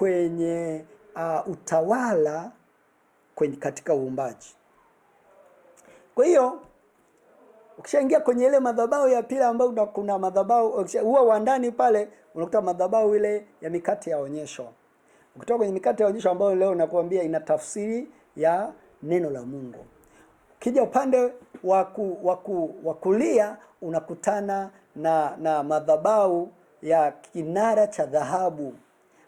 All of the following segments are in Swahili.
kwenye uh, utawala kwenye katika uumbaji. Kwa hiyo ukishaingia kwenye ile madhabahu ya pili ambayo kuna madhabahu huwa wa ndani pale, unakuta madhabahu ile ya mikate ya onyesho. Ukitoka kwenye mikate ya onyesho ambayo leo nakuambia ina tafsiri ya neno la Mungu, ukija upande wa kulia unakutana na, na madhabahu ya kinara cha dhahabu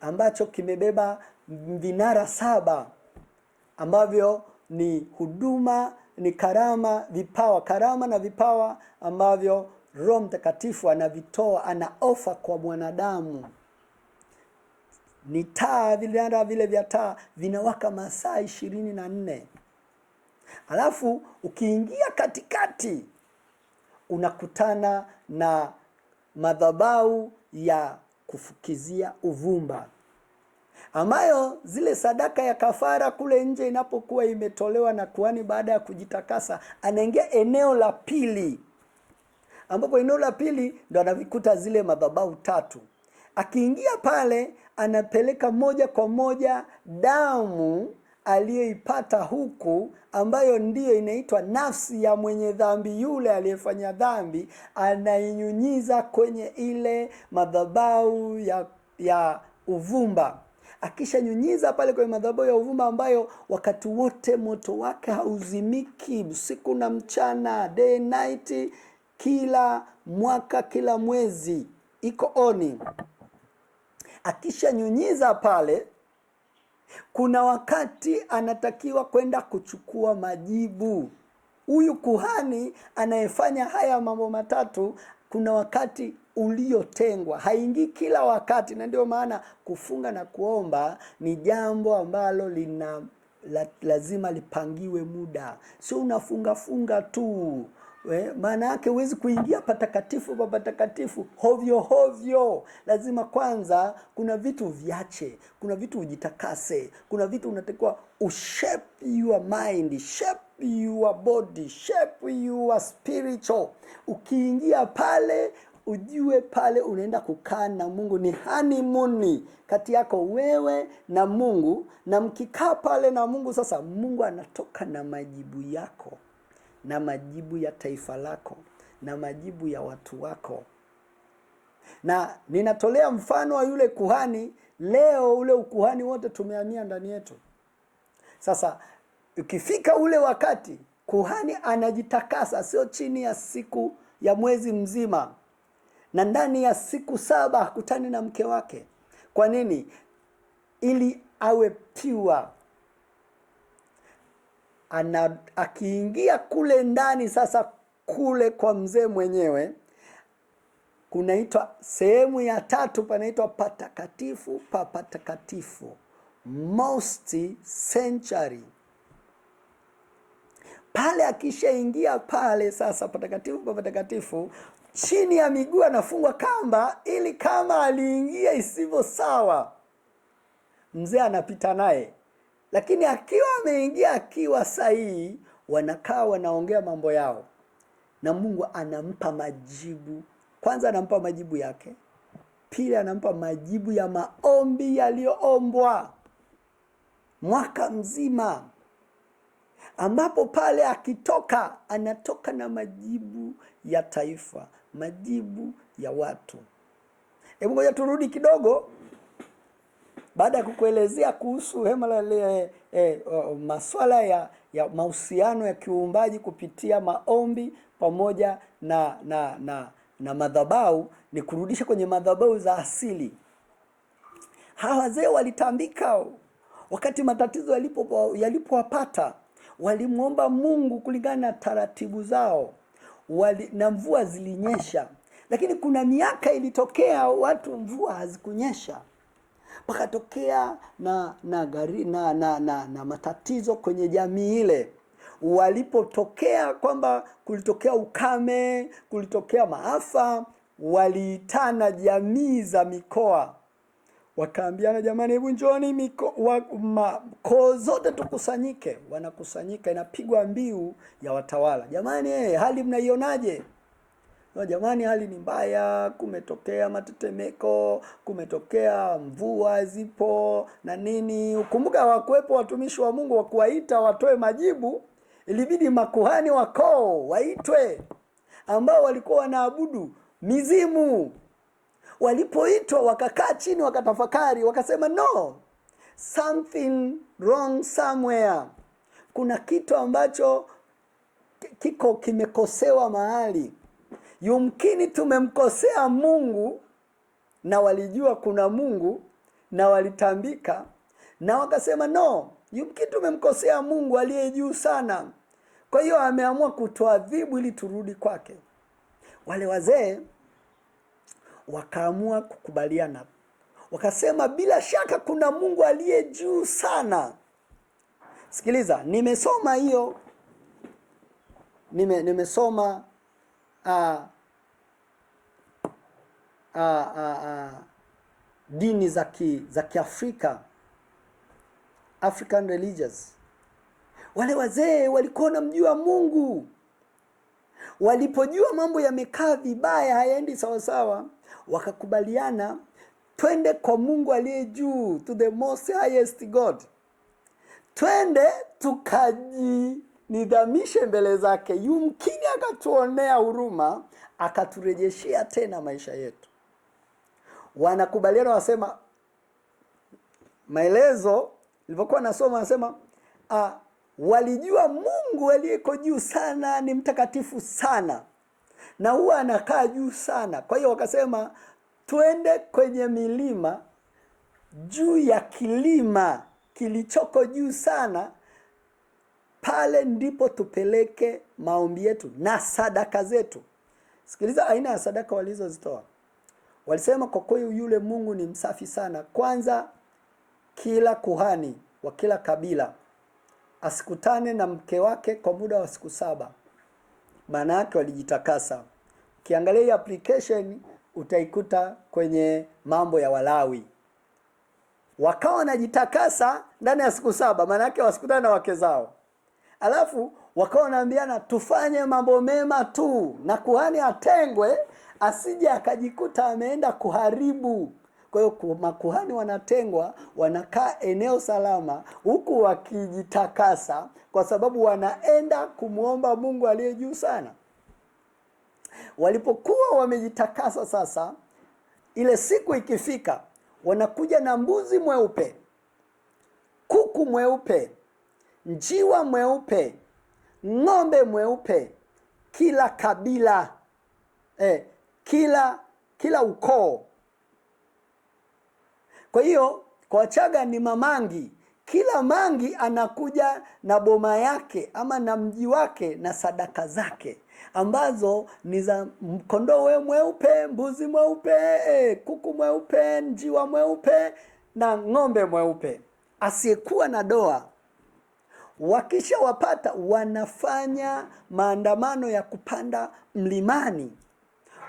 ambacho kimebeba vinara saba ambavyo ni huduma, ni karama, vipawa, karama na vipawa ambavyo Roho Mtakatifu anavitoa, ana ofa kwa mwanadamu. Ni taa, vinara vile vya taa vinawaka masaa ishirini na nne. Alafu ukiingia katikati unakutana na madhabahu ya kufukizia uvumba ambayo zile sadaka ya kafara kule nje inapokuwa imetolewa na kuhani baada ya kujitakasa, anaingia eneo la pili, ambapo eneo la pili ndo anavikuta zile madhabahu tatu. Akiingia pale, anapeleka moja kwa moja damu aliyoipata huku, ambayo ndiyo inaitwa nafsi ya mwenye dhambi yule aliyefanya dhambi, anainyunyiza kwenye ile madhabahu ya ya uvumba akishanyunyiza pale kwenye madhabahu ya uvumba ambayo wakati wote moto wake hauzimiki usiku na mchana, day night, kila mwaka, kila mwezi iko oni. Akishanyunyiza pale, kuna wakati anatakiwa kwenda kuchukua majibu. Huyu kuhani anayefanya haya mambo matatu kuna wakati uliotengwa, haingii kila wakati, na ndio maana kufunga na kuomba ni jambo ambalo lina la, lazima lipangiwe muda, sio unafunga funga tu. Eh, maana yake huwezi kuingia patakatifu pa patakatifu hovyo hovyo. Lazima kwanza kuna vitu viache, kuna vitu ujitakase, kuna vitu unatakiwa ushape your mind, shape your body, shape your spiritual. Ukiingia pale ujue pale unaenda kukaa na Mungu, ni hanimuni kati yako wewe na Mungu. Na mkikaa pale na Mungu, sasa Mungu anatoka na majibu yako na majibu ya taifa lako na majibu ya watu wako. Na ninatolea mfano wa yule kuhani leo. Ule ukuhani wote tumehamia ndani yetu sasa Ukifika ule wakati kuhani anajitakasa, sio chini ya siku ya mwezi mzima, na ndani ya siku saba hakutani na mke wake. Kwa nini? Ili awe piwa ana, akiingia kule ndani sasa, kule kwa mzee mwenyewe kunaitwa sehemu ya tatu, panaitwa patakatifu pa patakatifu, most century pale akishaingia pale sasa patakatifu pa patakatifu chini ya miguu anafungwa kamba, ili kama aliingia isivyo sawa, mzee anapita naye. Lakini akiwa ameingia akiwa sahihi, wanakaa wanaongea mambo yao, na Mungu anampa majibu. Kwanza anampa majibu yake, pili anampa majibu ya maombi yaliyoombwa mwaka mzima ambapo pale akitoka anatoka na majibu ya taifa, majibu ya watu. Hebu ngoja turudi kidogo, baada ya kukuelezea kuhusu hema la e, e, maswala ya, ya mahusiano ya kiumbaji kupitia maombi pamoja na na na, na madhabahu, ni kurudisha kwenye madhabahu za asili. Hawa wazee walitambika wakati matatizo yalipowapata walimwomba Mungu kulingana na taratibu zao wali, na mvua zilinyesha. Lakini kuna miaka ilitokea watu mvua hazikunyesha, pakatokea na na, gari, na, na, na na matatizo kwenye jamii ile walipotokea kwamba kulitokea ukame, kulitokea maafa, waliitana jamii za mikoa wakaambiana jamani, hebu njooni miko wa, ma, koo zote tukusanyike. Wanakusanyika, inapigwa mbiu ya watawala, jamani eh, hali mnaionaje? Jamani, hali ni mbaya, kumetokea matetemeko, kumetokea mvua zipo na nini. Ukumbuka wakuwepo watumishi wa Mungu wa kuwaita watoe majibu, ilibidi makuhani wa koo waitwe, ambao walikuwa wanaabudu mizimu walipoitwa wakakaa chini wakatafakari wakasema no something wrong somewhere kuna kitu ambacho kiko kimekosewa mahali yumkini tumemkosea mungu na walijua kuna mungu na walitambika na wakasema no yumkini tumemkosea mungu aliye juu sana kwa hiyo ameamua kutoadhibu ili turudi kwake wale wazee wakaamua kukubaliana, wakasema bila shaka kuna Mungu aliye juu sana. Sikiliza, nimesoma hiyo nime, nimesoma uh, uh, uh, uh, dini za ki, za Kiafrika African religious. Wale wazee walikuwa wanamjua Mungu, walipojua mambo yamekaa vibaya, hayaendi sawasawa wakakubaliana twende kwa Mungu aliye juu, to the most highest God, twende tukajinidhamishe mbele zake, yumkini akatuonea huruma, akaturejeshea tena maisha yetu. Wanakubaliana wasema, maelezo nilivyokuwa nasoma, wanasema ah, walijua Mungu aliyeko juu sana ni mtakatifu sana na huwa anakaa juu sana. Kwa hiyo wakasema twende kwenye milima, juu ya kilima kilichoko juu sana, pale ndipo tupeleke maombi yetu na sadaka zetu. Sikiliza aina ya sadaka walizozitoa. Walisema kwa kweli yule Mungu ni msafi sana. Kwanza, kila kuhani wa kila kabila asikutane na mke wake kwa muda wa siku saba maana yake walijitakasa. Ukiangalia hii application utaikuta kwenye mambo ya Walawi, wakawa wanajitakasa ndani ya siku saba, maana yake wasikutana na wake zao, alafu wakawa wanaambiana tufanye mambo mema tu na kuhani atengwe, asije akajikuta ameenda kuharibu kwa hiyo makuhani wanatengwa, wanakaa eneo salama, huku wakijitakasa, kwa sababu wanaenda kumwomba Mungu aliye juu sana. Walipokuwa wamejitakasa sasa, ile siku ikifika, wanakuja na mbuzi mweupe, kuku mweupe, njiwa mweupe, ng'ombe mweupe, kila kabila eh, kila kila ukoo kwa hiyo kwa Wachaga ni mamangi, kila mangi anakuja na boma yake ama na mji wake na sadaka zake ambazo ni za kondoo mweupe, mbuzi mweupe, eh, kuku mweupe, njiwa mweupe na ng'ombe mweupe asiyekuwa na doa. Wakishawapata wanafanya maandamano ya kupanda mlimani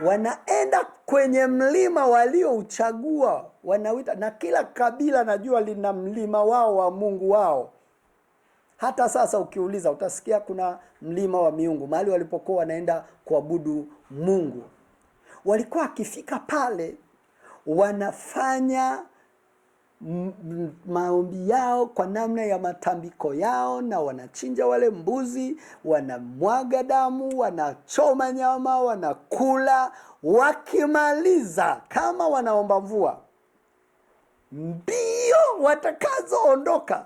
wanaenda kwenye mlima waliouchagua, wanawita. Na kila kabila najua lina mlima wao wa mungu wao. Hata sasa ukiuliza, utasikia kuna mlima wa miungu, mahali walipokuwa wanaenda kuabudu Mungu. Walikuwa wakifika pale wanafanya maombi yao kwa namna ya matambiko yao, na wanachinja wale mbuzi, wanamwaga damu, wanachoma nyama, wanakula. Wakimaliza, kama wanaomba mvua, mbio watakazoondoka,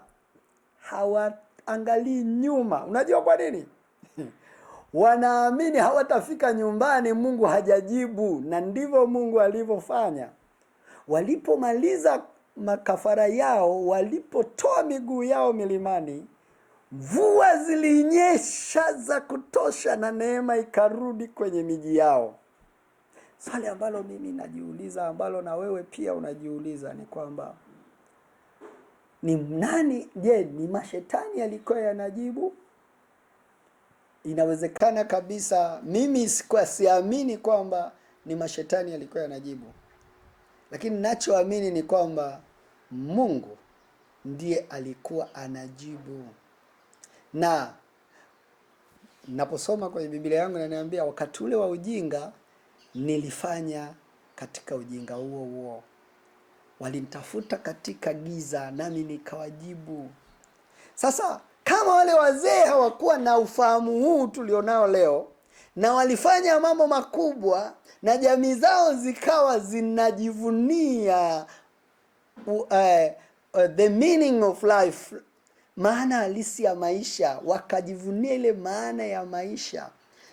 hawaangalii nyuma. Unajua kwa nini? Wanaamini hawatafika nyumbani, Mungu hajajibu, na ndivyo Mungu alivyofanya walipomaliza makafara yao walipotoa miguu yao milimani, mvua zilinyesha za kutosha na neema ikarudi kwenye miji yao. Swali ambalo mimi najiuliza, ambalo na wewe pia unajiuliza ni kwamba ni nani? Je, ni mashetani yalikuwa yanajibu? Inawezekana kabisa, mimi sikuwa siamini kwamba ni mashetani yalikuwa yanajibu, lakini nachoamini ni kwamba Mungu ndiye alikuwa anajibu. Na naposoma kwenye Biblia yangu inaniambia wakati ule wa ujinga nilifanya katika ujinga huo huo. Walinitafuta katika giza nami nikawajibu. Sasa kama wale wazee hawakuwa na ufahamu huu tulionao leo na walifanya mambo makubwa na jamii zao zikawa zinajivunia uh, uh, the meaning of life, maana halisi ya maisha, wakajivunia ile maana ya maisha.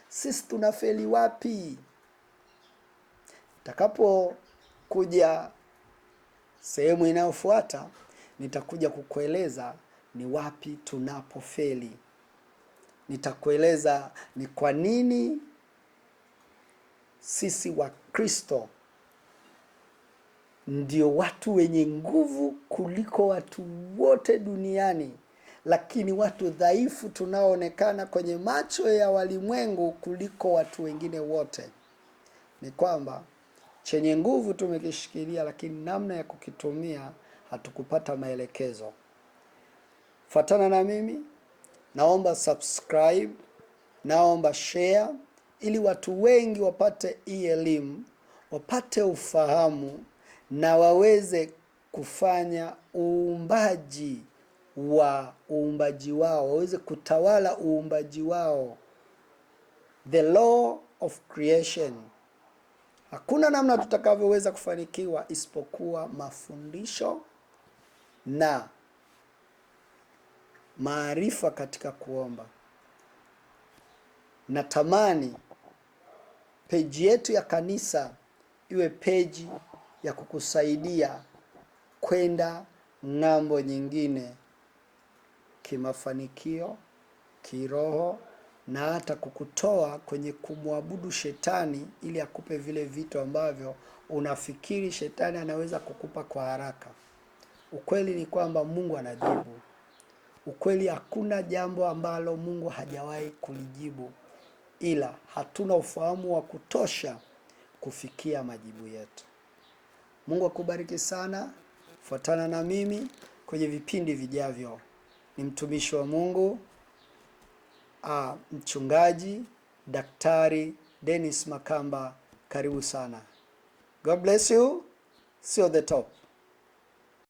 Sisi tunafeli wapi? kuja sehemu inayofuata nitakuja kukueleza ni wapi tunapofeli. Nitakueleza ni kwa nini sisi Wakristo ndio watu wenye nguvu kuliko watu wote duniani, lakini watu dhaifu tunaoonekana kwenye macho ya walimwengu kuliko watu wengine wote, ni kwamba chenye nguvu tumekishikilia, lakini namna ya kukitumia hatukupata maelekezo. Fuatana na mimi, naomba subscribe, naomba share, ili watu wengi wapate hii elimu, wapate ufahamu na waweze kufanya uumbaji wa uumbaji wao, waweze kutawala uumbaji wao, the law of creation. Hakuna namna tutakavyoweza kufanikiwa isipokuwa mafundisho na maarifa katika kuomba. Natamani peji yetu ya kanisa iwe peji ya kukusaidia kwenda ng'ambo nyingine kimafanikio, kiroho na hata kukutoa kwenye kumwabudu shetani ili akupe vile vitu ambavyo unafikiri shetani anaweza kukupa kwa haraka. Ukweli ni kwamba Mungu anajibu. Ukweli hakuna jambo ambalo Mungu hajawahi kulijibu, ila hatuna ufahamu wa kutosha kufikia majibu yetu. Mungu akubariki sana. Fuatana na mimi kwenye vipindi vijavyo. Ni mtumishi wa Mungu a, mchungaji Daktari Dennis Makamba. Karibu sana. God bless you. See you at the top.